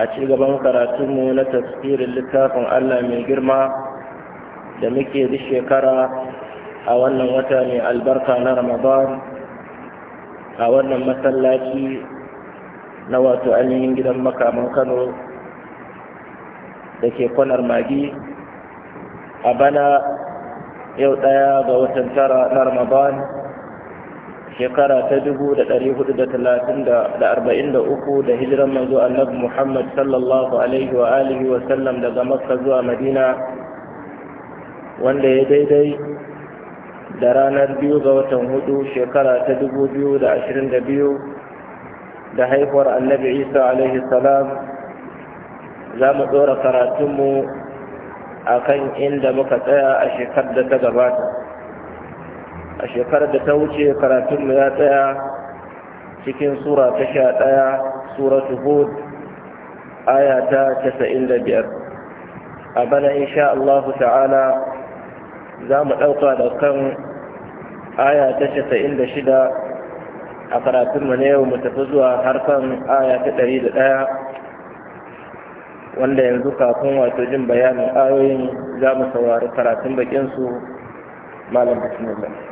a ci gaban karatunmu na tafsirin littafin Allah mai girma da muke da shekara a wannan wata ne albarka na Ramadan a wannan masallaci na wato ainihin gidan makaman Kano da ke kwanar magi a bana yau ɗaya ga watan tara na Ramadan shekara ta dubu da dari hudu da talatin da arba'in da uku da hijiran manzo annabi muhammad sallallahu alaihi wa alihi wa sallam daga makka zuwa madina wanda ya daidai da ranar biyu ga watan hudu shekara ta dubu biyu da ashirin da biyu da haihuwar annabi isa alaihi salam za mu ɗora karatunmu a kan inda muka tsaya a shekar da ta gabata a shekarar da ta wuce karatunmu ya tsaya cikin sura ta sha ɗaya suratu hud aya ta casa'in da biyar a bana insha Allahu ta'ala za mu ɗauka da kan aya ta casa'in da shida a karatunmu na yau mu tafi zuwa harkan aya ta ɗari da ɗaya wanda yanzu kafin wato jin bayanin ayoyin za mu saurari karatun bakinsu malam bismillah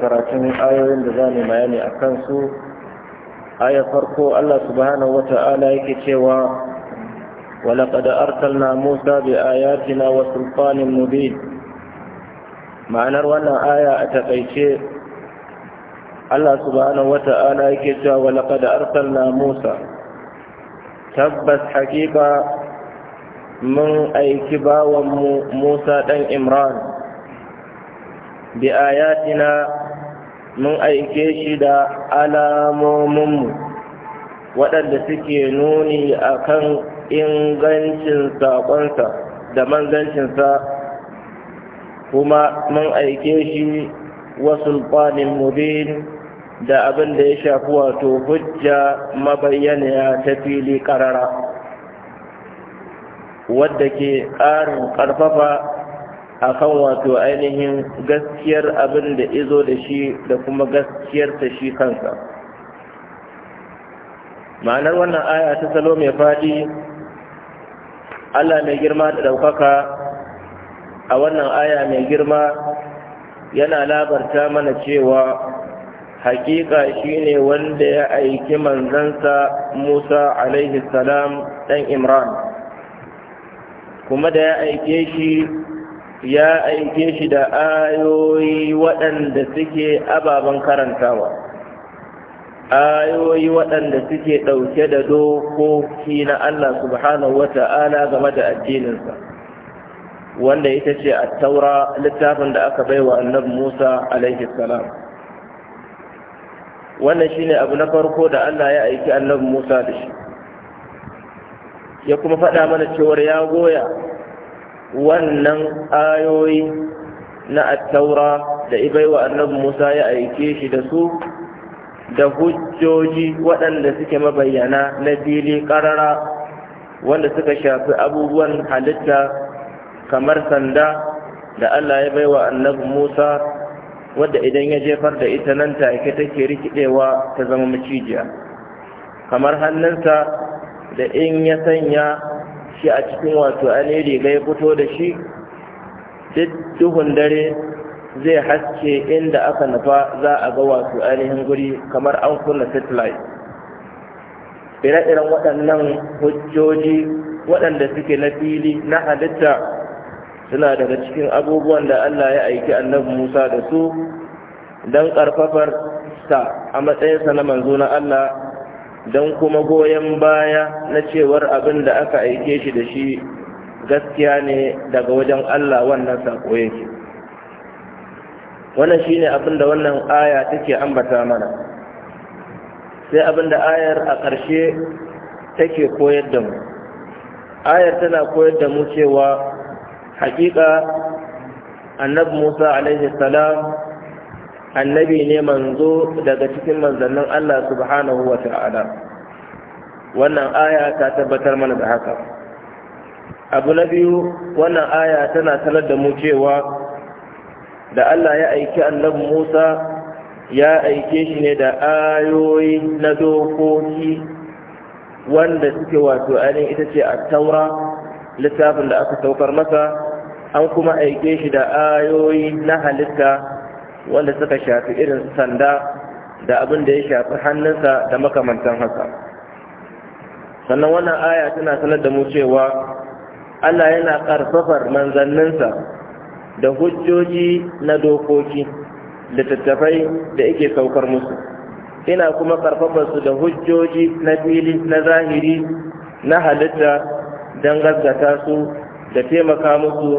karatun ayoyin da za mu bayani a kansu aya farko Allah subhanahu wata'ala yake cewa walaƙad arsalna Musa bi ayatina wa sultanin mubin ma'anar wannan aya a takaice Allah subhanahu wata'ala yake cewa wa laqad arsalna Musa tabbas hakika mun aiki bawan mu Musa dan Imran bi ayatina mun aike shi da alamomin mu. waɗanda suke nuni akan ingancin saƙonsa da manzancinsa kuma mun aike shi wa sulɓanin mubin da abin da ya shafi wato hujja mabayyana ta fili ƙarara wadda ke ƙarin ƙarfafa a kan wato ainihin gaskiyar abin da izo da shi da kuma gaskiyar ta shi kansa ma'anar wannan aya ta salo mai faɗi allah mai girma da ɗaukaka a wannan aya mai girma yana labarta mana cewa hakika shine wanda ya aiki manzansa Musa alaihi salam dan Imran kuma da ya aike shi ya aike shi da ayoyi waɗanda suke ababen karantawa ayoyi waɗanda suke ɗauke da dokoki na Allah subhanahu wa ta'ala game da addininsa wanda ita ce a taura littafin da aka baiwa annab musa alaihi salam wannan shine abu na farko da allah ya aiki annab musa da shi ya kuma faɗa mana cewar ya goya wannan ayoyi na attaura da ibaiwa annabi musa ya aike shi da su da hujjoji waɗanda suke mabayyana na fili ƙarara wanda suka shafi abubuwan halitta kamar sanda da Allah ya bai wa annabi Musa wadda idan ya jefar da ita nan take take rikidewa ta zama macijiya kamar hannunsa da in ya sanya shi a cikin wato ainihin ga ya fito da shi duk duhun dare zai haske inda aka nufa za a ga wato ainihin guri kamar an kunna satellite ire-iren waɗannan hujjoji waɗanda suke na fili na halitta suna daga cikin abubuwan da Allah ya aiki annabi Musa da su don ƙarfafar sa a matsayinsa na manzo na Allah don kuma goyon baya na cewar abin da aka aike shi da shi gaskiya ne daga wajen Allah wannan saƙo yake wannan shine abin da wannan aya take ambata mana sai abin da ayar a ƙarshe take koyar da mu ayar tana koyar da mu cewa hakika annabi musa alaihi salam annabi ne manzo daga cikin manzannin allah subhanahu wa ta'ala wannan aya ta tabbatar mana da haka abu na biyu wannan aya tana sanar da mu cewa da allah ya aiki annabi musa ya aike shi ne da ayoyi na dokoki wanda suke wato ainihin ita ce a taura littafin da aka saukar masa an kuma aike shi da ayoyi na halitta wanda suka shafi irin sanda da abin da ya shafi hannunsa da makamantan haka sannan wannan aya tana sanar da mu cewa Allah yana ƙarfafar manzanninsa da hujjoji na dokoki littattafai da yake saukar musu ina kuma ƙarfafarsu su da hujjoji na fili na zahiri na halitta don gaskata su da taimaka musu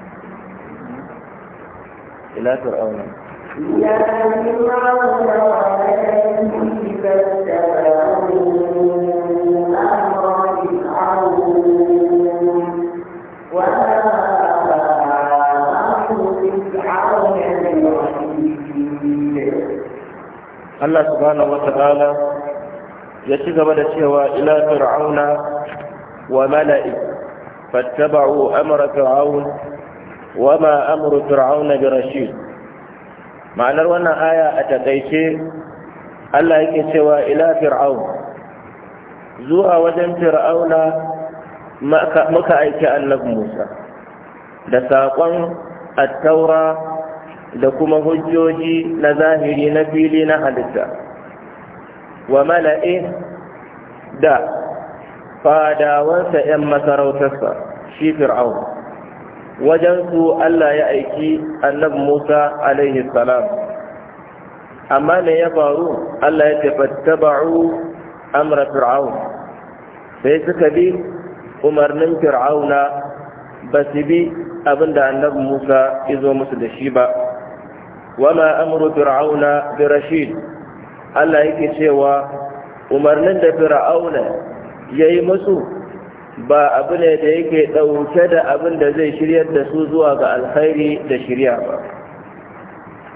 إلى فرعون إلى فرعون وملئه فاتبعوا أمر فرعون وما Allah subhanahu wa ta'ala ya ci gaba da cewa ila fir'auna wa mala'i fattaba'u amra fir'aun wa ma amru fir'auna bi rashid ma'anar wannan aya a takaice Allah yake cewa ila fir'aun zuwa wajen fir'auna muka aiki annabi Musa da saƙon attaura da kuma hujjoji na zahiri na fili na halitta wa mala'i da fadawansa 'yan masarautarsa shi fir'aun wajen su Allah ya aiki annabi Musa alaihi salam amma ne ya faru Allah ya tafattaba'u amra fir'aun sai suka bi umarnin fir'auna ba su bi abinda annabi Musa izo musu da shi ba wama amru fir'auna bi rashid Allah yake cewa umarnin da fir'auna yayi musu ba abu ne da yake ɗauke da abin da zai shiryar da su zuwa ga alkhairi da shirya ba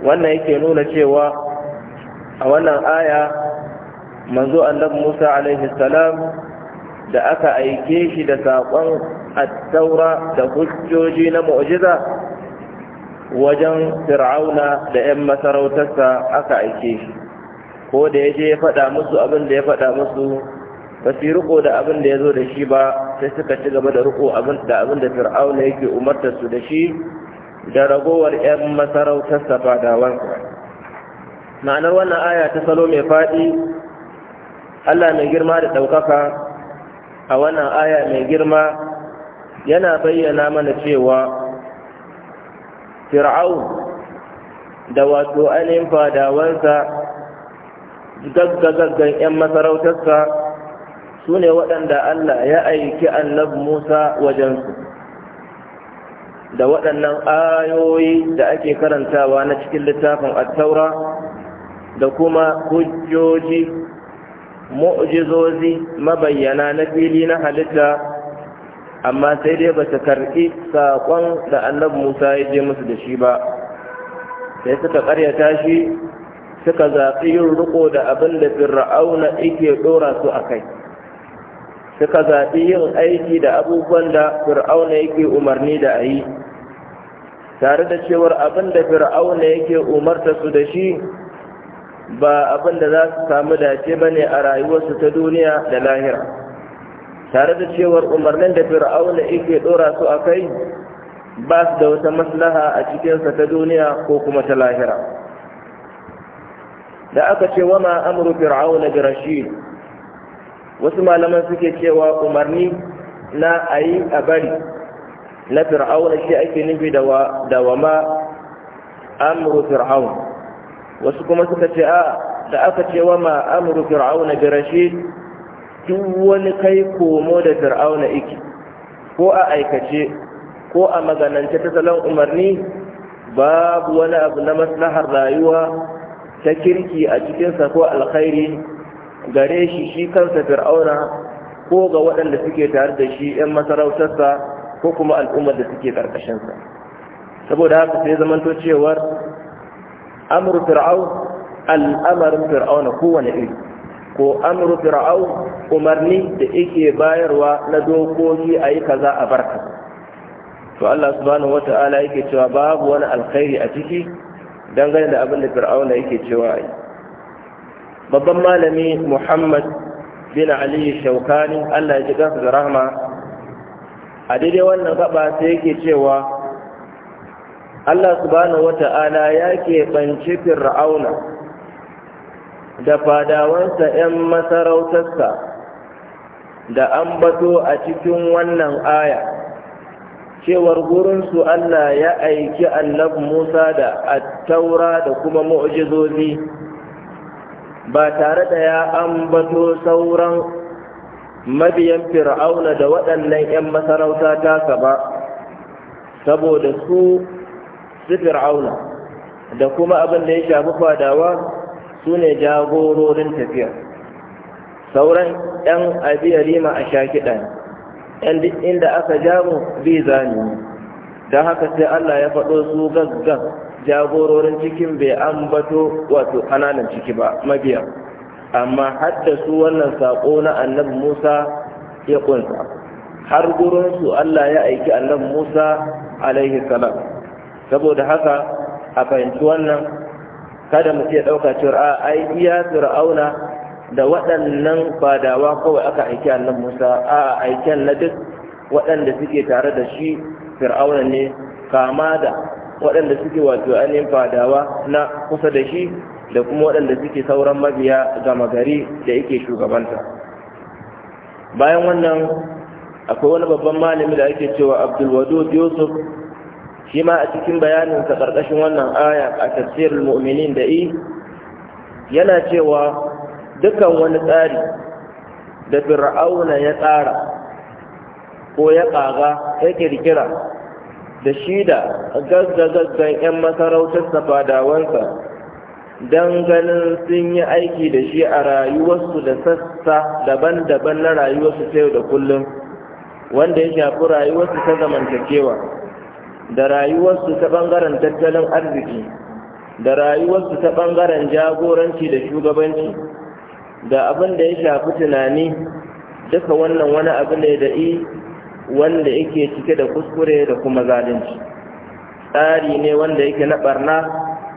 wannan yake nuna cewa a wannan aya manzo annabi musa alaihi salam da aka aike shi da saƙon attaura da hujjoji na mu'jiza wajen fir'auna da 'yan masarautarsa aka aike shi ko da ya je ya faɗa musu abin da ya faɗa musu ba su da abin da ya zo da shi ba sai suka ci gaba da riko da abin da fir'auna yake umarta su da shi da ragowar 'yan masarautar safadawansa ma'anar wannan aya ta salo mai faɗi allah mai girma da ɗaukaka a wannan aya mai girma yana bayyana mana cewa fir'aun da wato ainihin fadawansa gaggagaggan 'yan masarautarsa su ne waɗanda Allah ya aiki annab Musa wajensu da waɗannan ayoyi da ake karantawa na cikin littafin attaura da kuma hujjoji mu'jizozi mabayyana na fili na halitta amma sai dai ba su karɓi saƙon da annab Musa ya je musu da shi ba sai suka ƙaryata shi suka zaɓi yin riko da abin da fir'auna yake ɗora su a kai suka zaɓi yin aiki da abubuwan da fir'auna yake umarni da a yi tare da cewar abin da fir'auna yake umarta su da shi ba abin da za su samu dace ba ne a rayuwarsu ta duniya da lahira tare da cewar umarnin da fir'auna yake ɗora su a kai ba su da wata maslaha a cikinsa ta duniya ko kuma ta lahira da aka ce wama amuru fir'auna bi rashid wasu malaman suke cewa umarni na a yi a bari na fir'auna shi ake nufi da wa ma amuru fir'aun wasu kuma suka ce a da aka ce wa ma amuru fir'auna bi rashid duk wani kai komo da fir'auna iki ko a aikace ko a maganance ta salon umarni babu wani abu na maslahar rayuwa ta kirki a cikinsa ko alkhairi gare shi shi kansa fir'auna ko ga waɗanda suke tare da shi 'yan masarautarsa ko kuma al'ummar da suke ƙarƙashinsa saboda haka sai zamanto cewar amur fir'au al'amarin fir'auna kowane iri ko amru fir'au umarni da yake bayarwa na dokoki ayi kaza a barka to Allah subhanahu wata'ala yake cewa babu wani alkhairi a ciki dangane da abin da fir'auna yake cewa yi babban malami muhammad bin ali shaukani allah ya ji gansu da rahama a daidai wannan gaba sai yake cewa allah subhanahu wata'ala ya keɓanci fir'auna da fadawansa 'yan masarautarsa da an bato a cikin wannan aya cewar gurinsu allah ya aiki annab musa da attaura da kuma mu'jizozi ba tare da ya ambato sauran mabiyan fir'auna da waɗannan 'yan masarauta taka ba saboda su su fir'auna da kuma abin da ya shafi fadawa su ne jagororin tafiya sauran 'yan abiyarima a shakiɗa ‘yan duk inda aka jamu bi zani Da haka sai Allah ya faɗo su gaggan jagororin cikin bai ambato wato ƙananan ciki ba mabiya amma haddasu wannan sako na annabi musa ya kunsa har gurinsu allah ya aiki annabi musa alaihi salam saboda haka a fahimci wannan kada mu ce ɗauka cewa a ai iya fir'auna da waɗannan fadawa kawai aka aiki annabi musa a aiken na duk waɗanda suke tare da shi fir'auna ne kama da waɗanda suke wato ainihin fadawa na kusa da shi da kuma waɗanda suke sauran mabiya gama gari da yake shugabanta bayan wannan akwai wani babban malami da ake cewa abdulwadud yusuf shi ma a cikin bayanin bayaninsa ƙarƙashin wannan aya a tafsirin mu'minin da i yana cewa dukkan wani tsari da fir'auna ya tsara ko ya ƙaga ya ƙirƙira. da shi da gaggagaggan 'yan masarautar safadawansa don ganin sun yi aiki da shi a rayuwarsu da sassa daban-daban na rayuwarsu ta yau da kullum wanda ya shafi rayuwarsu ta zamantakewa da rayuwarsu ta ɓangaren tattalin arziki da rayuwarsu ta ɓangaren jagoranci da shugabanci da abin da ya shafi tunani duka wannan wani abu ne da i wanda yake cike da kuskure da kuma zalunci tsari ne wanda yake na barna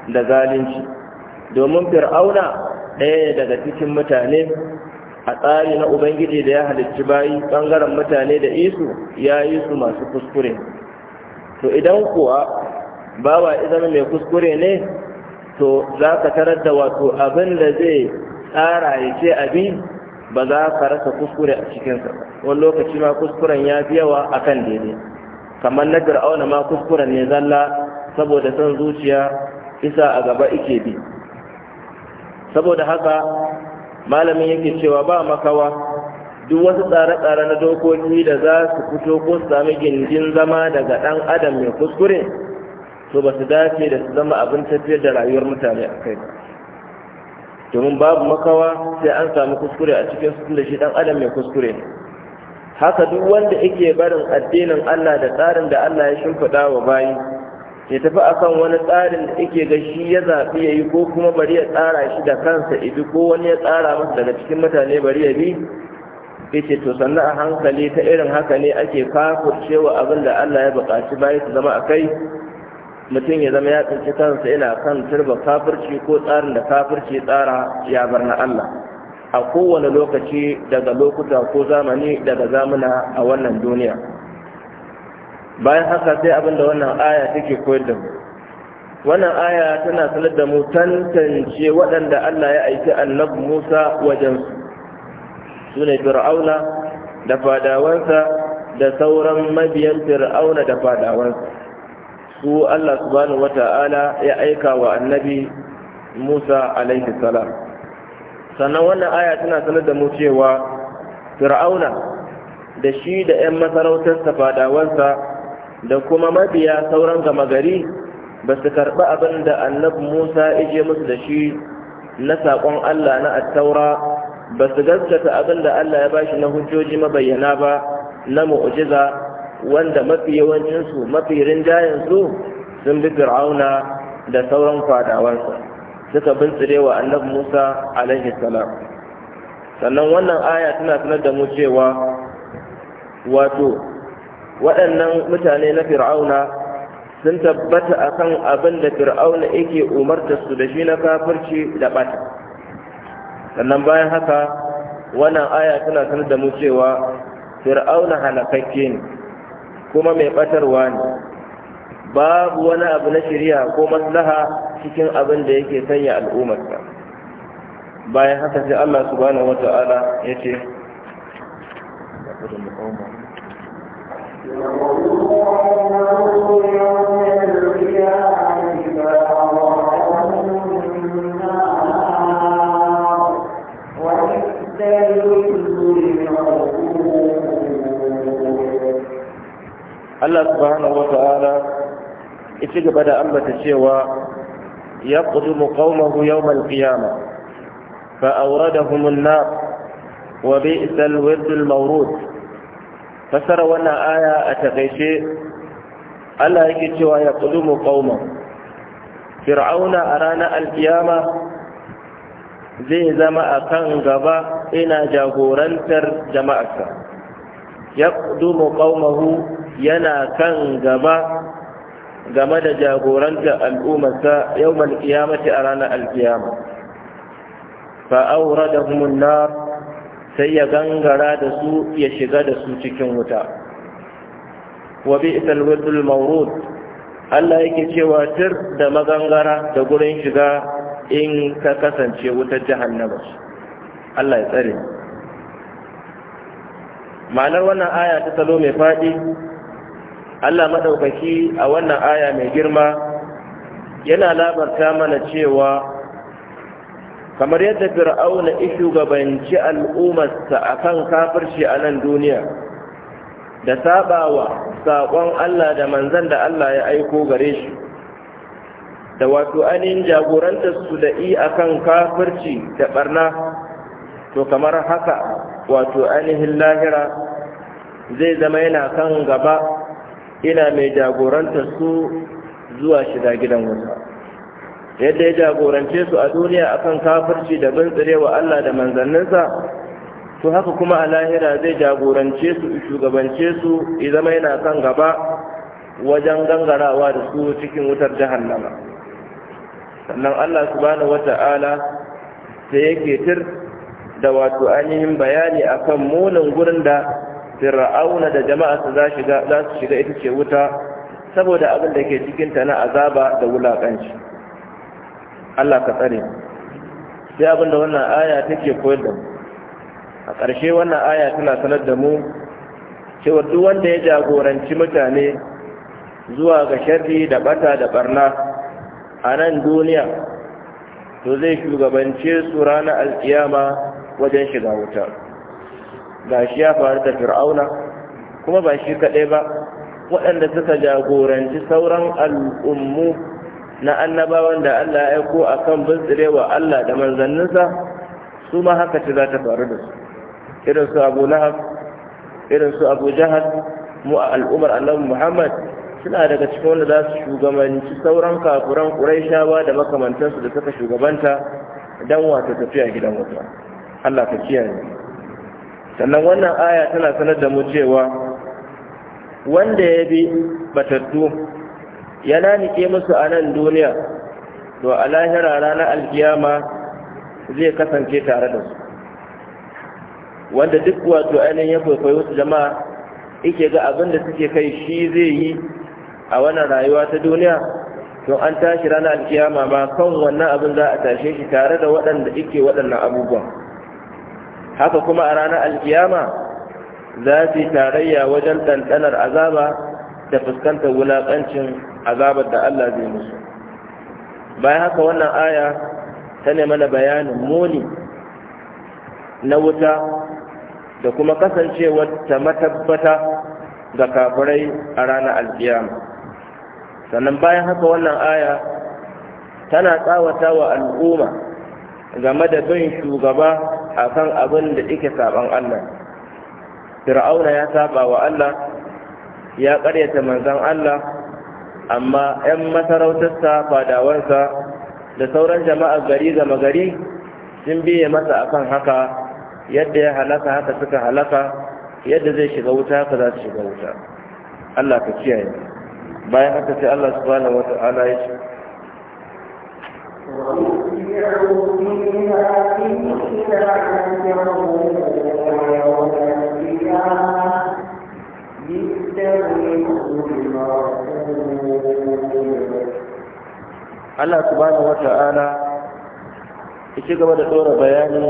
da zalunci domin fir'auna ɗaya ne daga cikin mutane a tsari na ubangiji da ya halicci bayi ɓangaren mutane da isu ya yi su masu kuskure to idan kuwa bawa izama mai kuskure ne to za ka tarar da wato abin da zai tsara ya ce abin ba za ka rasa kuskure a cikinsa wani lokaci ma kuskuren ya fi yawa a kan daidai kamar na fir'auna ma kuskuren ne zalla saboda son zuciya isa a gaba ike bi saboda haka malamin yake cewa ba makawa duk wasu tsare-tsare na dokoki da za su fito ko su sami gindin zama daga ɗan adam mai kuskure to ba su dace da su zama abin tafiyar da rayuwar mutane a kai domin babu makawa sai an samu kuskure a cikin su da shi dan adam mai kuskure haka duk wanda yake barin addinin Allah da tsarin da Allah ya shimfiɗa wa bayi ya tafi akan wani tsarin da yake ga shi ya zaɓi ya yi ko kuma bari ya tsara shi da kansa ibi ko wani ya tsara masa daga cikin mutane bari ya bi yace to sannan a hankali ta irin haka ne ake kafurcewa abin da Allah ya buƙaci bayi su zama a kai mutum ya zama ya tsinci kansa yana kan turba kafirci ko tsarin da kafirci tsara ya bar na Allah a kowane lokaci daga lokuta ko zamani daga zamuna a wannan duniya bayan haka sai abin da wannan aya take koyar da mu wannan aya tana sanar da mu tantance waɗanda Allah ya aiki annabi Musa wajen su ne fir'auna da fadawansa da sauran mabiyan fir'auna da fadawansa su Allah subhanahu wata'ala ya aika wa annabi Musa alaihi salam sannan wannan aya tana sanar da mu cewa Fir'auna da shi da 'yan masarautarsa fadawansa da kuma mabiya sauran gama gari ba su karɓi abin da annabi Musa ije musu da shi na saƙon Allah na attaura ba su gaskata abin da Allah ya bashi na hujjoji mabayyana ba na mu'ujiza wanda mafi yawancinsu mafi rinjayensu sun bi fir'auna da sauran fadawansa suka bintsire wa annabi musa alaihi salam sannan wannan aya tana sanar da mu cewa wato waɗannan mutane na fir'auna sun tabbata akan abin da fir'auna yake umarta su da shi na kafirci da ɓata sannan bayan haka wannan aya tana sanar da mu cewa fir'auna halakakke ne kuma mai batarwa ne babu wani abu na shari'a ko maslaha cikin abin da yake sanya al'ummarsa bayan haka sai Allah subhanahu wata'ala ya ce Thank you. Allah subhanahu wa ta'ala ya gaba da ambata cewa ya ƙudumu ƙaunahu yau malƙiyama aure da humunna wa bi isal wirdul maurud fasara wannan aya a taƙaice Allah yake cewa ya ƙudumu ƙaunahu fir'auna a ranar alƙiyama zai zama a kan gaba ina jagorantar jama'arsa ya ƙudumu ƙaunahu yana kan gaba game da jagoranta al'ummarsa yau malkiyamata a ranar alkiyama fa'aura da humunar sai ya gangara da su ya shiga da su cikin wuta wabi isalwatul maurud allah yake cewa tur da magangara da gurin shiga in ka kasance wutar jihannaba allah ya tsare ma'anar wannan aya ta salo mai faɗi Allah maɗaukaki a wannan aya mai girma yana labarta mana cewa kamar yadda fir'auna ya shugabanci al'ummarsa a kan kafirci a nan duniya da saɓawa saƙon Allah da manzan da Allah ya aiko gare shi da wato ainihin jagorantar su da i a kan kafirci da ɓarna to kamar haka wato ainihin lahira zai zama yana kan gaba ina mai jagoranta su zuwa shiga gidan wuta yadda ya jagorance su a duniya akan kafirci da bintsirewa Allah da manzanninsa su haka kuma a lahira zai jagorance su shugabance su zama yana kan gaba wajen gangarawa da su cikin wutar nama. sannan Allah subhanahu wata'ala sai yake tur da wato ainihin bayani akan munin gurin da fir'auna da jama'arsa za shiga za su shiga ita ce wuta saboda abin da ke cikin ta na azaba da wulakanci Allah ka tsare sai abin da wannan aya take koyar da mu a ƙarshe wannan aya tana sanar da mu cewa duk wanda ya jagoranci mutane zuwa ga sharri da bata da barna a nan duniya to zai shugabance su ranar alkiyama wajen shiga wuta ga shi ya faru da fir'auna kuma ba shi kaɗai ba waɗanda suka jagoranci sauran al'ummu na annabawan da Allah ya aiko a kan bintsirewa Allah da manzanninsa su ma haka ce za ta faru da su irin su abu lahab irin su abu jahal mu a al'ummar annabi muhammad suna daga cikin wanda za su shugabanci sauran kafuran shawa, da makamantansu da suka shugabanta don wata tafiya gidan wata Allah ka kiyaye sannan wannan aya tana sanar da mu cewa wanda ya bi batattu yana nike musu a nan duniya to a lahira ranar alkiyama zai kasance tare da su wanda duk wato ainihin ya kwaikwayo su jama'a ike ga abin da suke kai shi zai yi a wannan rayuwa ta duniya to an tashi ranar alkiyama ba kan wannan abin za a tashe shi tare da waɗanda ike waɗannan abubuwa. haka kuma a ranar alkiyama za su yi tarayya wajen ɗanɗanar azaba da fuskantar wulaƙancin azabar da Allah zai musu bayan haka wannan aya ta ne mana bayanin muni na wuta da kuma kasancewar ta matabbata ga kafirai a ranar alkiyama sannan bayan haka wannan aya tana tsawata wa al'umma game da bin shugaba akan abin da yake saban Allah fir'auna ya saba wa Allah ya ƙaryata manzan Allah amma 'yan masarautarsa fadawansa da sauran jama'ar gari gama gari sun biye masa akan haka yadda ya halaka haka suka halaka yadda zai shiga wuta haka za su shiga wuta Allah ka kiyaye bayan haka sai Allah subhanahu ta’ala ya ce Allah subhanahu wa ta'ala ya ci gaba da ɗora bayani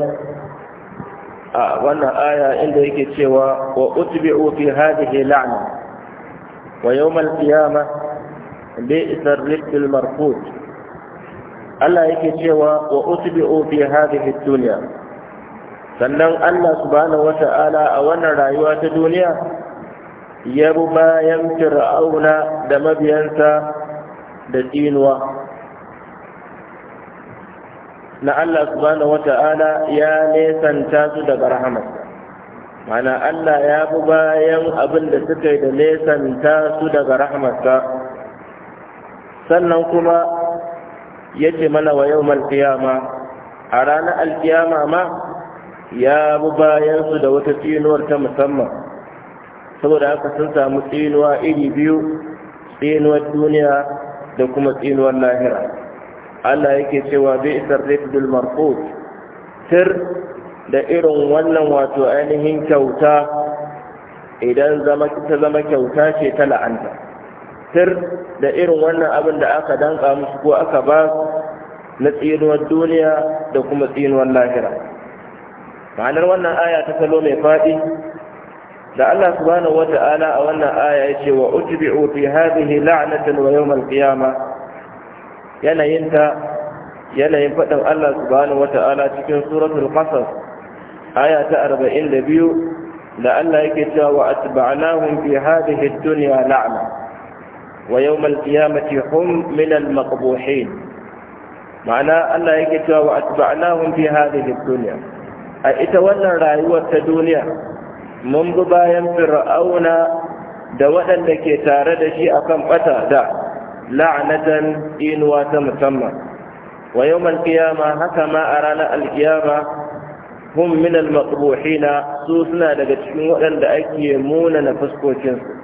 a wannan aya inda yake cewa wa utbi'u fi hadhihi la'na wa yawm al-qiyamah bi'sa ar-rifq marfud Allah yake cewa wa utbi'u fi hadhihi dunya sannan Allah subhanahu wata'ala a wannan rayuwa ta duniya ya bi bayan fir'auna da mabiyansa da tinuwa na Allah subhanahu wata'ala ya nesanta su daga rahama mana Allah ya bu bayan abin da suka yi da nesanta su daga rahamarsa sannan kuma yace mana wa yau qiyama a ranar alkiyama ma ya bi bayan su da wata tsinuwar ta musamman saboda aka sun samu tsinuwa iri biyu tsinuwar duniya da kuma tsinuwar lahira Allah yake cewa bi isar rifdul sir da irin wannan wato ainihin kyauta idan ta zama kyauta ce ta la'anta tir da irin wannan abin da aka danka musu ko aka ba na tsinuwar duniya da kuma tsinuwar lahira ma'anar wannan aya ta salo mai faɗi da Allah subhanahu wata'ala a wannan aya ya ce wa utbi'u fi hadhihi la'natan wa yawm al-qiyama yanayin ta yanayin faɗin Allah subhanahu wata'ala cikin suratul qasas aya ta 42 da Allah yake cewa wa atba'nahum fi hadhihi ad-dunya la'na ويوم القيامة هم من المقبوحين معنى الله يكتوى وأتبعناهم في هذه الدنيا أي تولى رأيوة الدنيا منذ بايم فرعون دوأا لكي تارد شيء أقام قتا دا لعنة إن واتمتم ويوم القيامة هكما أرانا القيامة هم من المقبوحين سوسنا لقد شموعا لأكي مونا نفسكوشنسو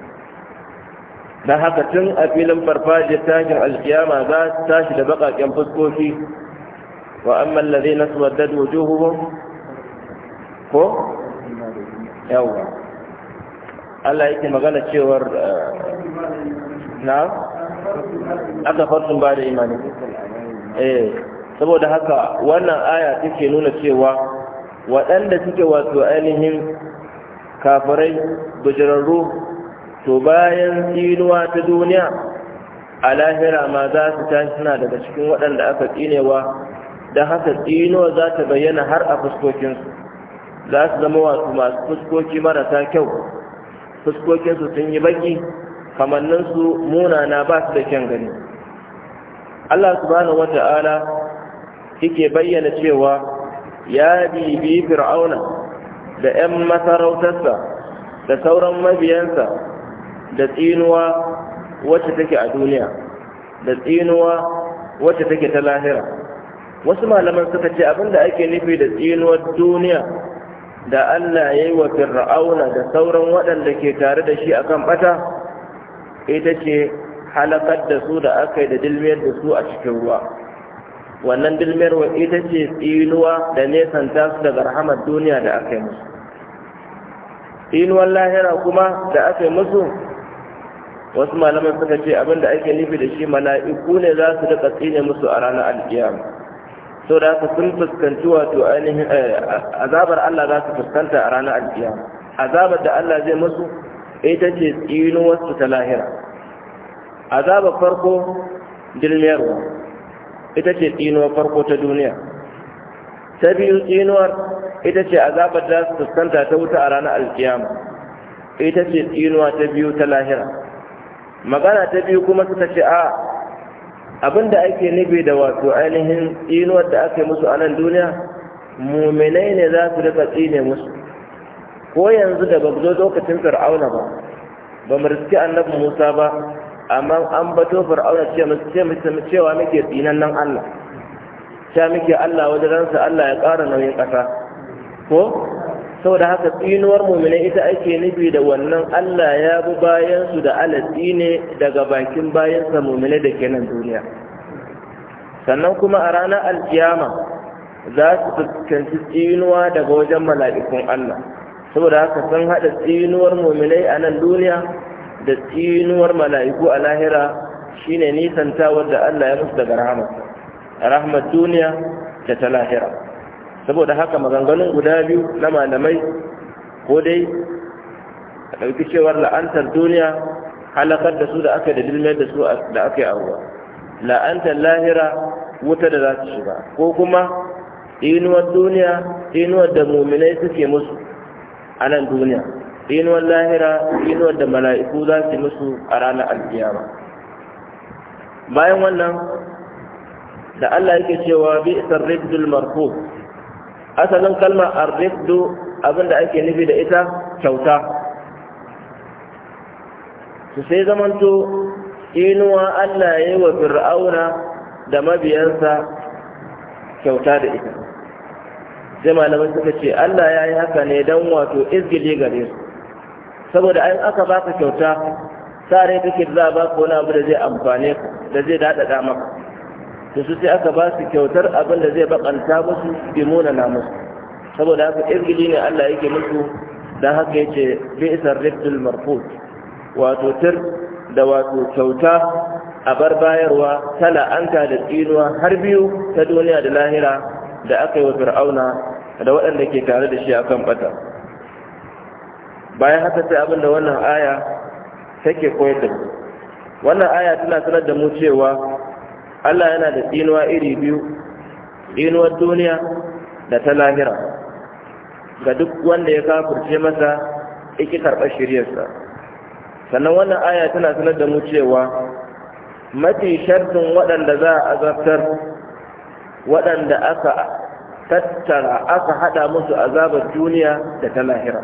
da haka tun a filin farfajiyar tashin alkiyama za su tashi da bakaken fuskoki wa amman lade na suwaddad wujuhuhum ko yawa Allah yake magana cewar eh, na aka farsun ba da imani eh saboda haka wannan aya take nuna cewa waɗanda suke wato ainihin kafirai bujirarru to bayan tsiruwa ta duniya a lahira ma za su tashi daga cikin waɗanda aka tsinewa don haka tsinuwa za ta bayyana har a fuskokinsu za su zama wasu masu fuskoki marasa kyau fuskokinsu sun yi baki kamanninsu munana ba su da kyan gani Allah subhanahu wata'ala yake bayyana cewa ya bibi fir'auna da 'yan masarautarsa da sauran mabiyansa da tsinuwa wacce take a duniya da tsinuwa wacce take ta lahira wasu malaman suka ce abinda ake nufi da tsinuwar duniya da Allah ya yi wa fir'auna da sauran waɗanda ke tare da shi akan bata ita ce halakar da su da aka yi da dilmiyar da su a cikin ruwa wannan dilmiyar wa ita ce tsinuwa da ta su daga rahamar duniya da aka yi musu tsinuwar lahira kuma da aka yi musu wasu malaman suka ce abinda ake nufi da shi mala'iku ne za su rika tsine musu a ranar alkiyama sau da su sun fuskanci wato ainihin eh, azabar Allah za su fuskanta a ranar alkiyama azabar da Allah zai musu ita ce tsino wasu ta lahira azabar farko dilmiyarwa ita ce tsinuwar farko ta duniya ta biyu tsinuwar ita ce azabar da su fuskanta ta wuta a ranar alkiyama ita ce tsinuwa ta biyu ta lahira magana ta biyu kuma suka ce a abinda ake nufi da wato ainihin inuwar da aka yi musu a nan duniya muminai ne za su rika tsine musu ko yanzu da babu zo lokacin fir'auna ba ba mu riski annabi musa ba amma an bato fir'auna cewa muke tsinan nan allah sha muke allah wajen ransa allah ya ƙara nauyin ƙasa ko saboda haka tsinuwar muminai ita ake nufi da wannan Allah ya bi bayansu da alatsi ne daga bakin bayansa muminai da ke nan duniya sannan kuma a ranar alkiyama za su fuskanci tsinuwa daga wajen mala'ikun Allah saboda haka sun haɗa tsinuwar muminai a nan duniya da tsinuwar mala'iku a lahira shine nisantawar da Allah ya musu daga rahama rahmat duniya da ta lahira saboda haka maganganun guda biyu na malamai ko dai a ɗauki cewar la'antar duniya halakar da su da aka da dilmiyar da su da aka yi abuwa la'antar lahira wuta da za su shiga ko kuma inuwar duniya inuwar da muminai suke musu a nan duniya inuwar lahira inuwar da mala'iku za su musu a ranar alkiyama bayan wannan da Allah yake cewa bi isar rijdul marfu asalin kalmar arrifdu abinda ake nufi da ita kyauta su sai zamanto inuwa allah ya yi wa fir'auna da mabiyansa kyauta da ita sai malamai suka ce allah ya yi haka ne don wato izgili gare su saboda an aka baka kyauta sa rai kake za a baka wani abu da zai amfane da zai daɗaɗa maka da su sai aka ba su kyautar abin da zai bakanta musu bi munana musu saboda haka irgili ne Allah yake musu dan haka yace bi isar rifdul marfut wato tir da wato kyauta a bar bayarwa ta la'anta da tsinuwa har biyu ta duniya da lahira da aka yi wa fir'auna da waɗanda ke tare da shi akan bata bayan haka sai abin da wannan aya take koyar da wannan aya tana sanar da mu cewa Allah yana da dinuwa iri biyu tsinuwar duniya da ta lahira ga duk wanda ya kafirce masa iki karɓar shiryarsa sannan wannan aya tana sanar da mu cewa mafi sharrin waɗanda za a azabtar waɗanda aka tattara aka haɗa musu azabar duniya da ta lahira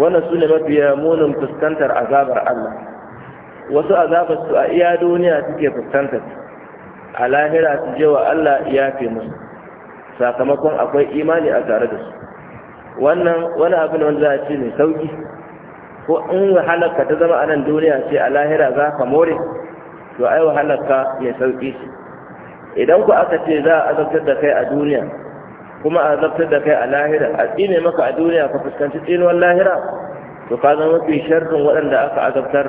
wannan su ne mafiya munin fuskantar azabar Allah wasu azabar su a iya duniya suke fuskantar su a lahira su je wa Allah ya fi musu sakamakon akwai imani a tare da su wannan wani abu wanda za a ce mai sauki ko in wahalarka ta zama a nan duniya ce a lahira za ka more to ai wahalarka mai sauki su idan ku aka ce za a azabtar da kai a duniya kuma a azabtar da kai a lahira a tsine maka a duniya ka fuskanci tsinuwar lahira to ka zama mafi sharrin waɗanda aka azabtar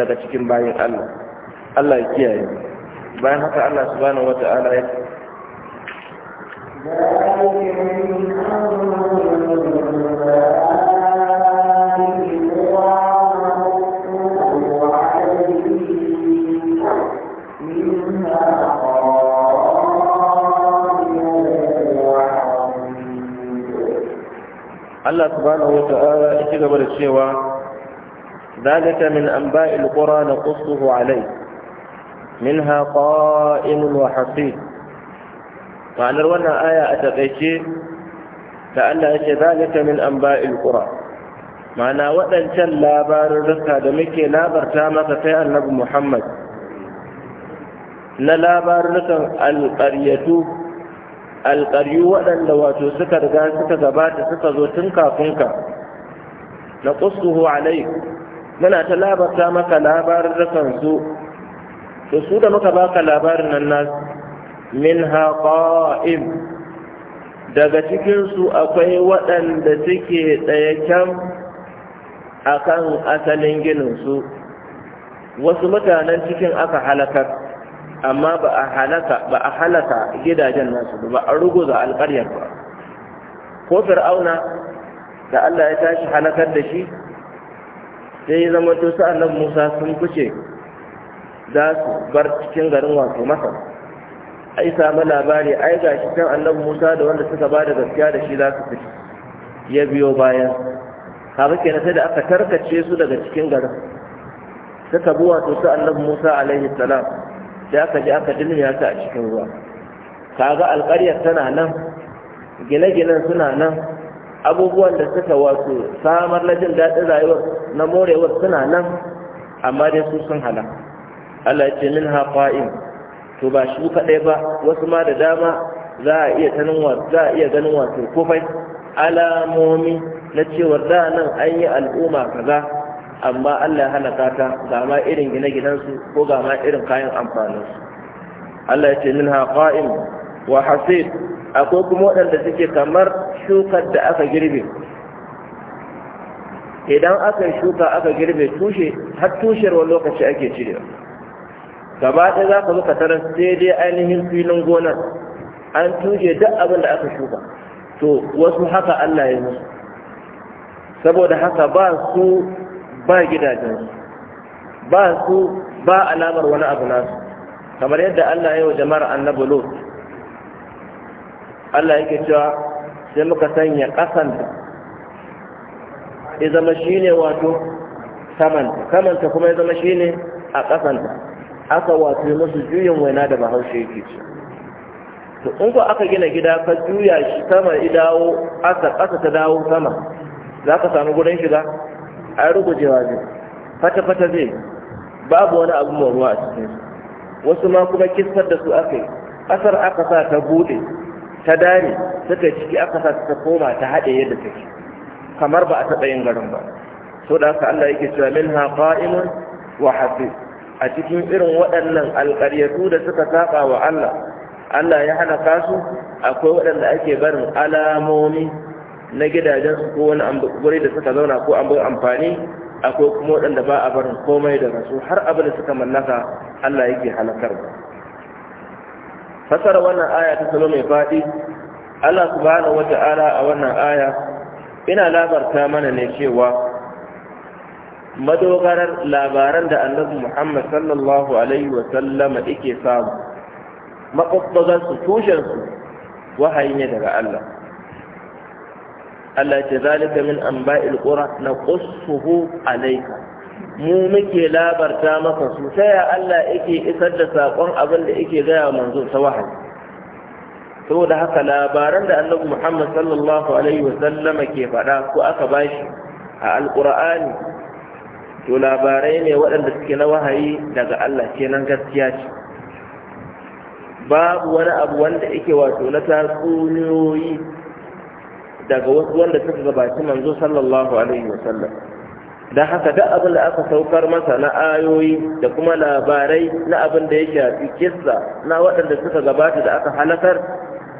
daga cikin bayan Allah Allah ya kiyaye bayan haka Allah subhanahu wata'ala ya Allah subhanahu wata'ala ya ci gaba da cewa ذلك من أنباء القرى نقصه عليه منها قائم وحصيد معنى الوانا آية أتقيشي لأنها ذلك من أنباء القرى معنى وأن شل لابار رسا دمكي لابر تامة في النبي محمد na labarukan alƙaryatu alƙaryu waɗanda wato suka riga suka gabata suka zo tun kafinka na ƙusuhu alai muna ta labarta maka labarukan to su da muka baka labarin nan Nas min haƙa'im daga cikinsu akwai waɗanda suke ɗaya can a kan asalin su. wasu mutanen cikin aka halakar amma ba a halaka ba a halaka gidajen nasu ba a ruguza alƙaryar ba ko fir'auna da Allah ya tashi halakar da shi sai ya zama to sa'an nan Musa sun fice za su bar cikin garin wato masar ai samu labari ai ga shi can annabi musa da wanda suka ba da gaskiya da shi za su fi ya biyo bayan haka kenan sai da aka tarkace su daga cikin garin suka bi wato su annabi musa alaihi salam sai aka ji aka dilmiya ta a cikin ruwa kaga alƙaryar tana nan gine-ginen suna nan abubuwan da suka wato samar na jin daɗin rayuwar na morewar suna nan amma dai su sun halaka Allah ce min haƙa'in to ba shi kaɗai ba wasu ma da dama za a iya ganin wato kofai alamomi na cewar da nan an yi al'umma kaza amma Allah ya halaka ta ga ma irin gine-ginensu ko ga ma irin kayan amfaninsu Allah ya ce min haƙa'in wa hasid akwai kuma waɗanda suke kamar shukar da aka girbe idan aka yi shuka aka girbe tushe har tushewar lokaci ake cirewa gaba ɗaya za ka muka tarar sai dai ainihin filin gonar an tuje duk abin da aka shuka to wasu haka Allah ya musu saboda haka ba su ba gidajensu ba su ba alamar wani abu nasu kamar yadda Allah ya yi wa jama'ar annabi Lot Allah yake cewa sai muka sanya ƙasanta ya zama shine wato samanta samanta kuma ya zama shine a ƙasanta aka wato musu juyin waina da bahaushe yake ce to in ko aka gina gida ka juya shi sama idawo dawo aka ƙasa ta dawo sama za ka samu gurin shiga a rugujewa zai fata-fata zai babu wani abu mai ruwa a cikin wasu ma kuma kistar da su aka yi ƙasar aka sa ta buɗe ta dare suka ciki aka sa ta koma ta haɗe yadda take kamar ba a taɓa yin garin ba so da haka Allah yake cewa minha qa'imun wa hafiz a cikin irin waɗannan alƙaryatu da suka saba wa Allah Allah ya halaka su akwai waɗanda ake barin alamomi na su ko wani guri da suka zauna ko an bai amfani akwai kuma waɗanda ba a barin komai da rasu har abin da suka mallaka Allah yake halakar fasara wannan aya ta salo mai faɗi Allah subhanahu wata'ala a wannan aya ina labarta mana ne cewa madogarar labaran da annabi Muhammad sallallahu alaihi wa sallama yake samu makwabbagar su tushen su wahayi daga Allah Allah ce zalika min ƙura na naqussuhu alaika. mu muke labarta maka su sai Allah yake isar da saƙon abin da yake gaya manzo ta wahayi saboda haka labaran da annabi Muhammad sallallahu alaihi wa sallama ke faɗa ko aka bashi a alqur'ani to labarai ne waɗanda suke na wahayi daga Allah kenan gaskiya ce babu wani abu wanda yake wato na tatsuniyoyi daga wasu wanda suka gabaci manzo sallallahu alaihi wasallam don haka duk abin da aka saukar masa na ayoyi da kuma labarai na abin da ya shafi kissa na waɗanda suka gabata da aka halakar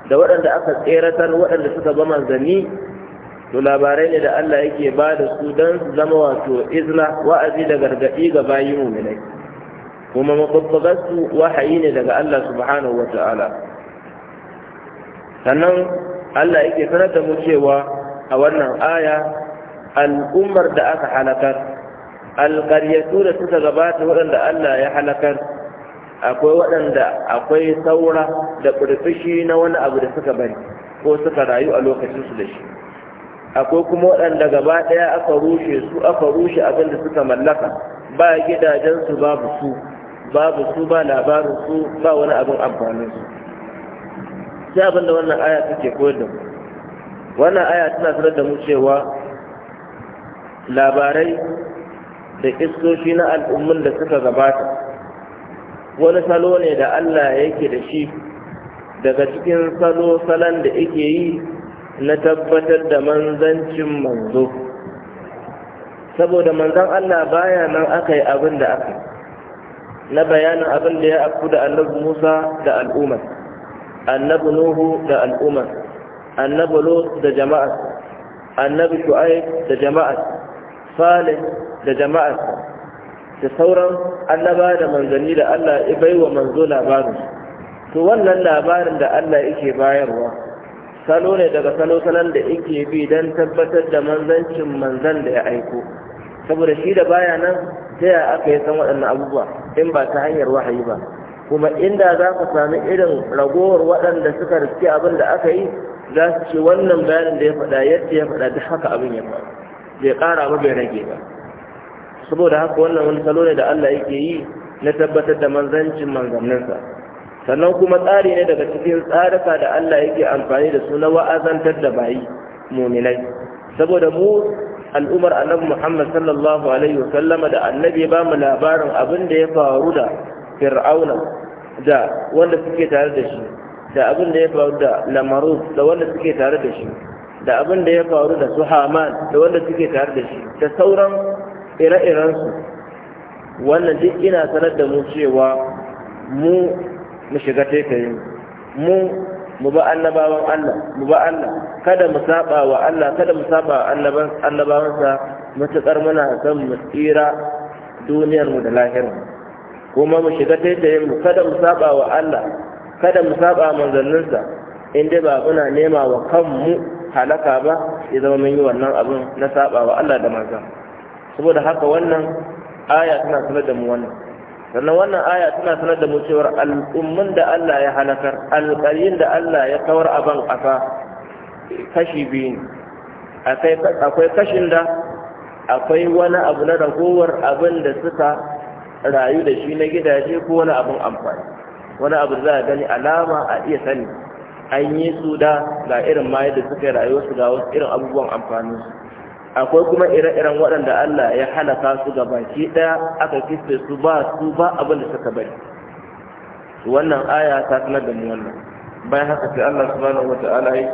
da waɗanda aka tseratar waɗanda suka ba manzanni to labarai ne da Allah yake ba da su don su zama wato izna wa'azi da gargaɗi ga bayi muminai kuma maɓaɓɓagarsu wahayi ne daga Allah subhanahu wa ta'ala sannan Allah yake sanar da mu cewa a wannan aya al'ummar da aka halakar alƙaryatu da suka gabata waɗanda Allah ya halakar akwai waɗanda akwai saura da ƙurfishi na wani abu da suka bari ko suka rayu a lokacinsu da shi akwai kuma waɗanda gaba ɗaya aka rushe su aka rushe abin da suka mallaka ba gidajensu babu su babu su ba labarin su ba wani abin amfanin su sai abinda wannan aya suke koyar da mu wannan aya tana sanar da mu cewa labarai da iskoshi na al'ummin da suka gabata wani salo ne da Allah yake da shi daga cikin salo salon da yake yi na tabbatar da manzancin manzo saboda manzan Allah baya nan aka yi abin da aka na bayanin abin da ya afu da annabi Musa da al'ummar annabi Nuhu da al'ummar annabi Lut da jama'ar annabi Shu'aib da jama'ar Salih da jama'ar da sauran annaba da manzanni da Allah ya baiwa manzo labarin to wannan labarin da Allah yake bayarwa salo ne daga salo salon da yake bi don tabbatar da manzancin manzan da ya aiko saboda shi da baya nan ta ya aka yi san waɗannan abubuwa in ba ta hanyar wahayi ba kuma inda za ka sami irin ragowar waɗanda suka riske abin da aka yi za su ce wannan bayanin da ya faɗa yadda ya faɗa duk haka abin ya faɗa bai ƙara ba bai rage ba saboda haka wannan wani salo ne da Allah yake yi na tabbatar da manzancin manzanninsa sannan kuma tsari ne daga cikin tsarika da Allah yake amfani da su na wa'azantar da bayi muminai saboda mu al'umar annabi Muhammad sallallahu alaihi wasallama da annabi ba mu labarin abin da ya faru da fir'auna da wanda suke tare da shi da abin da ya faru da lamaruf da wanda suke tare da shi da abin da ya faru da suhaman da wanda suke tare da shi da sauran ire-irensu wannan duk ina sanar da mu cewa mu mu shiga taifayin, mu mu ba annabawan Allah mu ba Allah kada mu saba wa Allah kada mu saba annaban annabawansa mutakar muna san mu tsira duniyar mu da lahira kuma mu shiga taitayin mu kada mu saba wa Allah kada mu saba manzanninsa in dai ba muna nema wa kanmu halaka ba ya zama mun yi wannan abin na saba wa Allah da manzan saboda haka wannan aya tana sanar da mu wannan sannan wannan aya tana sanar da mu cewar al'ummin da Allah ya halakar alƙaryin da Allah ya kawar a ban ƙasa kashi biyu ne akwai kashin da akwai wani abu na ragowar abin da suka rayu da shi na gidaje ko wani abin amfani wani abu za a gani alama a iya sani an yi su da ga irin ma yadda suka yi su ga wasu irin abubuwan amfaninsu akwai kuma ire-iren waɗanda Allah ya halaka su ga baki ɗaya aka kiste su ba su ba abin da suka bari wannan aya ta sanar da mu wannan bayan haka sai Allah subhanahu wa ta'ala yi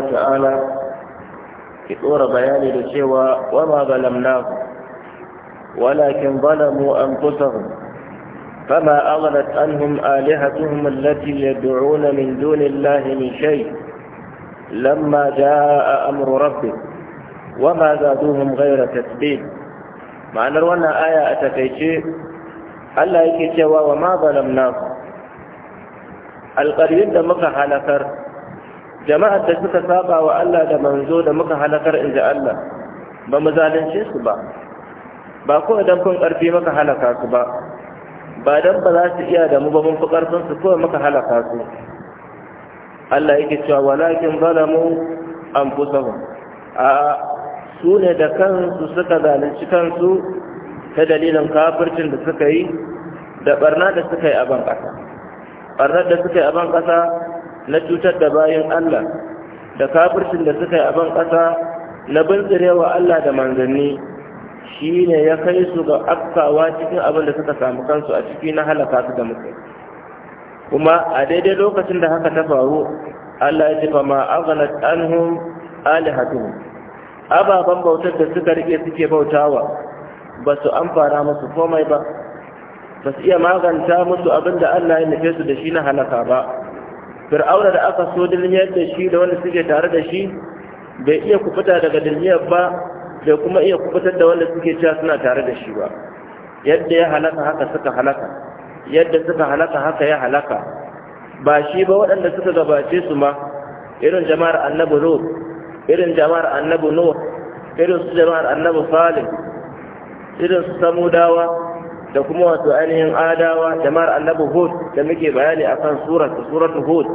wa ta'ala ki tsora bayani da cewa wa ma zalamnahu walakin zalamu anfusahum فما أغنت عنهم آلهتهم التي يدعون من دون الله من شيء لما جاء أمر ربك وما زادوهم غير تتبيب معنى روانا آية أتكيشي ألا يكيشوا وما ظلمناه القريب دمك حلقر jama'ar da suka saba wa Allah da manzo da muka halakar inda Allah ba mu zalunce su ba ba ko idan kun karfi muka halaka su ba ba dan ba za su iya da mu ba mun fi karfin su ko muka halaka su Allah yake cewa walakin zalamu anfusahum a su ne da kansu suka zalunci kansu ta dalilin kafircin da suka yi da barna da suka yi a ban ƙasa barnar da suka yi a ban ƙasa na cutar da bayan Allah da kafircin da suka yi a ban ƙasa na bantsirewa Allah da manzanni shi ne ya kai su ga afkawa cikin abin da suka samu kansu a ciki na halaka su da mutum kuma a daidai lokacin da haka ta faru Allah ya jifa ma aghnat Ali alihatuhum Ababen bautar da suka rike suke bautawa ba su amfana musu komai ba ba su iya maganta musu abin da Allah ya nufe su da shi na halaka ba fir'auna da aka so dilmiyar da shi da wanda suke tare da shi bai iya kufuta daga dilmiyar ba bai kuma iya kufutar da wanda suke cewa suna tare da shi ba yadda ya halaka haka suka halaka yadda suka halaka haka ya halaka ba shi ba waɗanda suka gabace su ma irin jama'ar annabi nuh irin jama'ar annabi nuh irin su jama'ar annabi salim irin su samudawa da kuma wato ainihin adawa jama'ar annabi hud da muke bayani akan surar surat hud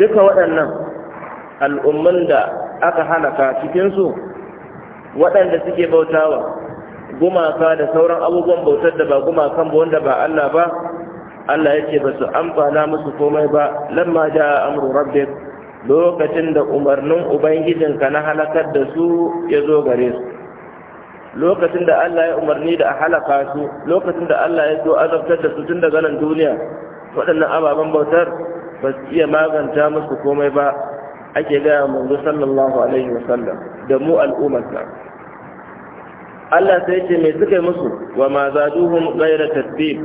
duka waɗannan al'umman da aka halaka cikinsu waɗanda suke bautawa gumaka da sauran abubuwan bautar da ba gumakan ba wanda ba Allah ba Allah yake ba su amfana musu komai ba lamma ja amru rabbik lokacin da umarnin ubangijinka na halakar da su ya zo gare su lokacin da Allah ya umarni da a halaka su lokacin da Allah ya zo azabtar da su tun daga nan duniya waɗannan ababen bautar ba su iya maganta musu komai ba ake gaya manzo sallallahu alaihi wasallam da mu al'ummarsa Allah sai ce me suka yi musu wa ma zaduhum ghayra tasbib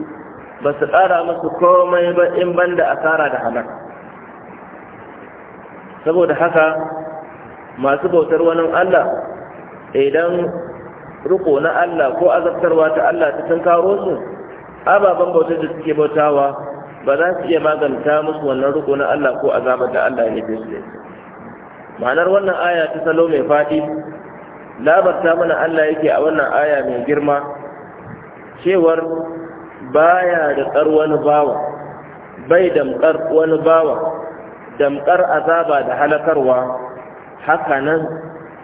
ba su ƙara musu komai ba in banda asara da halaka saboda haka masu bautar wani Allah idan riko na Allah ko azabtarwa ta Allah ta karo su ababen bautar da suke bautawa ba za su iya maganta musu wannan riko na Allah ko azabar da Allah ya su ma'anar wannan aya ta salo mai faɗi labarta mana Allah yake a wannan aya mai girma cewar baya da tsar wani bawa bai damkar wani bawa damkar azaba da halakarwa haka nan.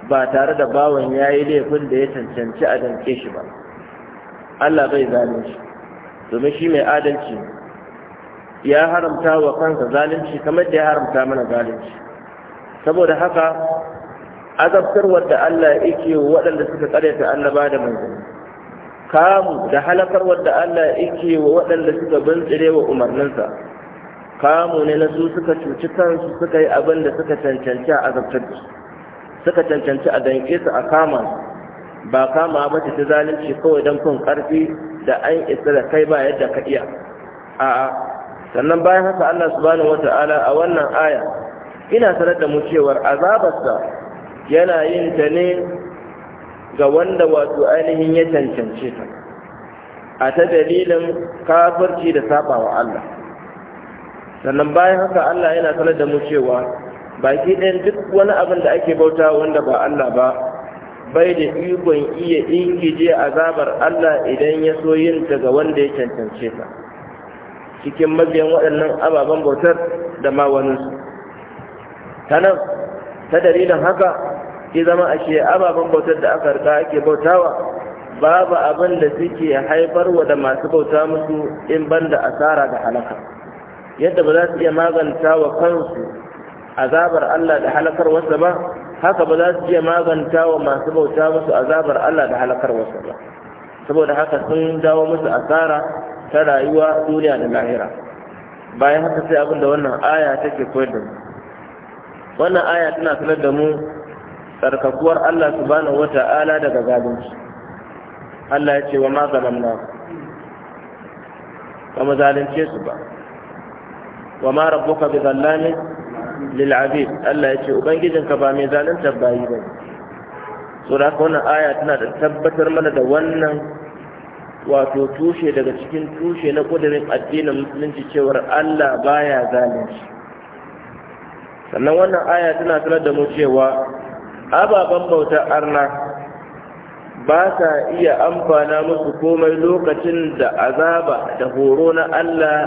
ba tare da bawan ya yi laifin da ya cancanci a danke shi ba Allah bai zalunci domin shi mai adalci ya haramta wa kansa zalunci kamar da ya haramta mana zalunci saboda haka azabtarwar da Allah ya yake waɗanda suka karyata ba da manzanni kamu da halakarwar da Allah ya yake waɗanda suka bintsire wa umarninsa kamu ne na su suka cuci kansu suka yi abin da suka cancanci a azabtar da su suka cancanci a danke su a kama ba kama ba ta zalunci kawai don kun karfi da an isa da kai ba yadda ka iya a sannan bayan haka Allah subhanahu wata'ala a wannan aya ina sanar da mu cewar azabarsa yana yin ta ne ga wanda wato ainihin ya cancance ta a ta dalilin kafirci da sabawa Allah sannan bayan haka Allah yana sanar da mu cewa baki ɗayan duk wani abin da ake bauta wanda ba Allah ba bai da ikon iya ingije azabar Allah idan ya so yin daga wanda ya cancance ta cikin mabiyan waɗannan ababen bautar da ma su ta nan ta dalilin haka ke zama a ashe ababen bautar da aka rika ake bautawa babu abin da suke haifarwa da masu bauta musu in banda asara da halaka yadda ba za su iya maganta wa kansu azabar Allah da halakar wasa ba haka ba za su iya maganta wa masu bauta musu azabar Allah da wasa ba saboda haka sun dawo musu asara ta rayuwa duniya da lahira bayan haka sai abin da wannan aya take koyar da mu wannan aya tana sanar da mu tsarkakuwar Allah subhanahu wata'ala daga zalunci Allah ya ce wa ma zalamna ba mu zalunce su ba wa ma rabbuka bi zallamin lil'abid Allah ya ce ubangijinka ba mai zaluntar bayi ba so da wannan aya tana da tabbatar mana da wannan wato tushe daga cikin tushe na kudirin addinin musulunci cewar Allah baya zalunci sannan wannan aya tana sanar da mu cewa ababen bauta arna ba sa iya amfana musu komai lokacin da azaba da horo na Allah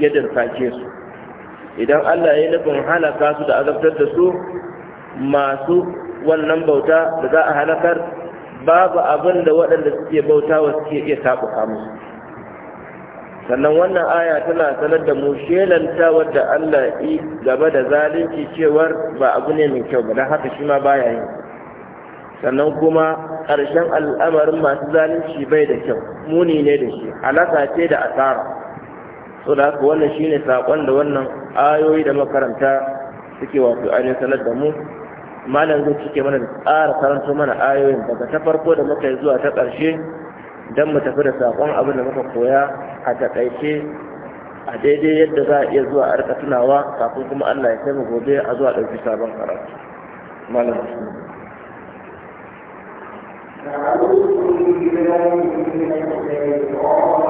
ya dirfake su idan Allah ya nufin halaka su da azabtar da su masu wannan bauta da za a halakar babu abin da waɗanda suke bauta wa suke iya taɓa kamu sannan wannan aya tana sanar da mu shelanta wadda Allah yi gaba da zalunci cewar ba abu ne mai kyau ba don haka shi ma baya yi sannan kuma ƙarshen al'amarin masu zalunci bai da kyau muni ne da shi halaka ce da asara so da haka wannan shine saƙon da wannan ayoyi da makaranta suke wato ainihin sanar da mu malam zai cike mana tsara karanto mana ayoyin daga ta farko da muka yi zuwa ta karshe don mu tafi da sakon abin da muka koya a taƙaice a daidai yadda za a iya zuwa a rika tunawa kafin kuma Allah ya kai mu gobe a zuwa ɗauki sabon karatu malam أعوذ بالله من الشيطان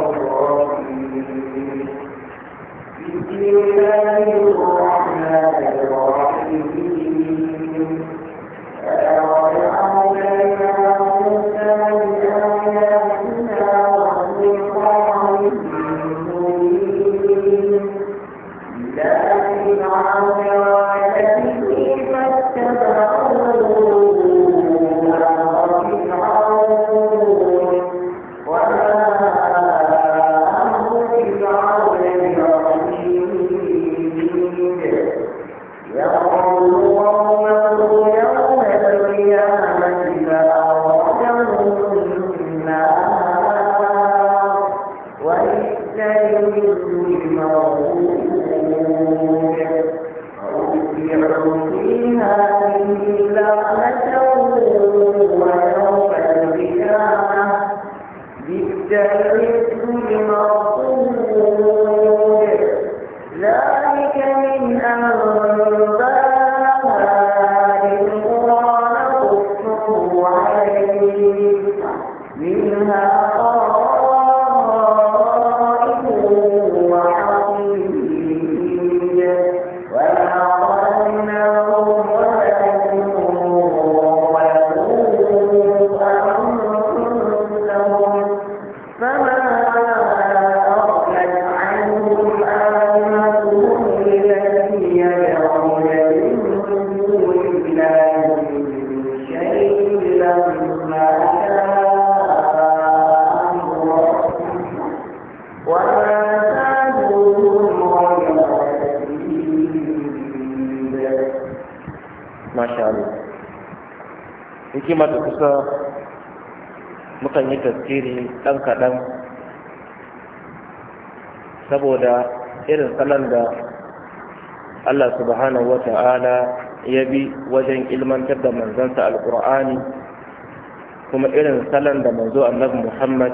hikima da kusa mukan yi tasiri ɗan kaɗan saboda irin salon da Allah subhanahu wa ta'ala ya bi wajen ilmantar da manzansa alƙur'ani kuma irin salon da manzo annabi Muhammad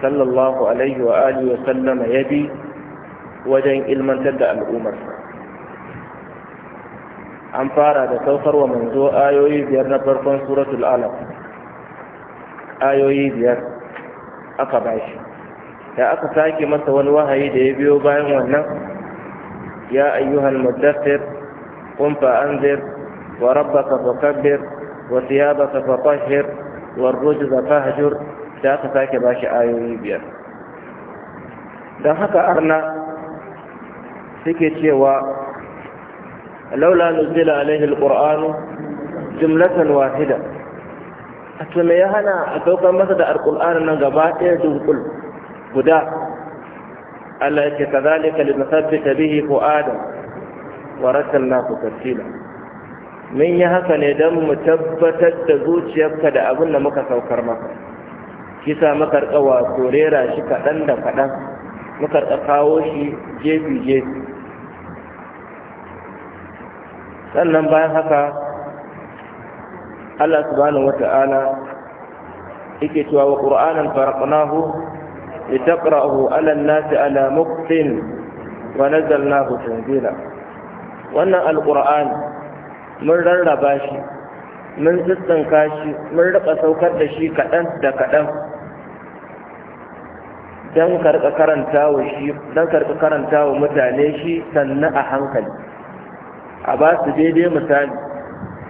sallallahu alaihi wa alihi wa sallama ya bi wajen ilmantar da al'ummarsa an fara da saukar wa manzo ayoyi biyar na farkon suratul alam ayoyi biyar aka bashi da aka sake masa wani wahayi da ya biyo bayan wannan ya ayyuhal muddathir qum fa anzir wa rabbaka fakabbir wa thiyabaka fatahhir wa rujza fahjur da aka sake bashi ayoyi biyar don haka arna suke cewa laula nuzila alaihi alqur'anu jumlatan wahida to me ya hana a saukar masa da alqur'anin nan gaba ɗaya dunkul guda Allah yake kazalika limathabbita bihi fu'ada wa rattalnahu tartila min ya haka ne dan mu tabbatar da zuciyarka da abin da muka saukar maka kisa muka rika wato shi kaɗan da kaɗan muka kawo shi jefi jefi sannan bayan haka Allah subhanahu wata'ala yake cewa wa qur'anan farqnahu litaqra'ahu 'ala an-nasi 'ala muqtin wa nazzalnahu tanzila wannan alqur'an mun rarraba shi mun tsitsinka shi mun rika saukar da shi kaɗan da kaɗan don karɓa karanta wa mutane shi sannan a hankali a ba su daidai misali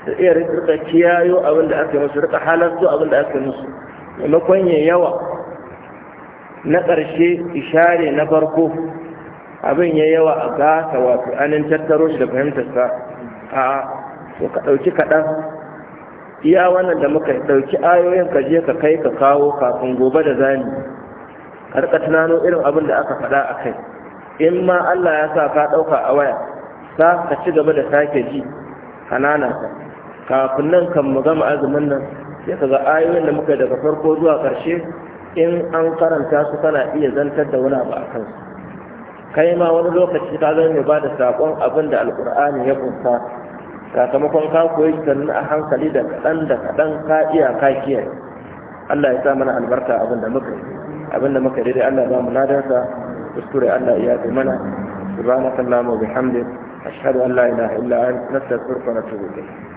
su iya rika kiyayo abin da aka yi musu rika halarta abin da aka yi musu maimakon ya yawa na ƙarshe ishare na farko abin ya yawa a gasa wato anin tattaro shi da fahimtarsa a so ka ɗauki kaɗan iya wannan da muka ɗauki ayoyin ka je ka kai ka kawo kafin gobe da zani ka rika tunano irin abin da aka faɗa a kai in ma Allah ya sa ka ɗauka a waya za ka ci gaba da sake ji kanana ka kafin nan kan mu gama azumin nan sai ka ga ayoyin da muka daga farko zuwa ƙarshe in an karanta su kana iya zantar da wani abu a kansu kai ma wani lokaci ka zama mai ba da saƙon abin da alƙur'ani ya kunsa sakamakon ka koyi sannan a hankali da kaɗan da kaɗan ka iya ka kiyaye Allah ya sa mana albarka abin da muka abin da muka daidai Allah ba mu ladansa kuskure Allah ya mana subhanakallahu wa bihamdika أشهد أن لا إله إلا أنت نستغفرك ونتوب إليك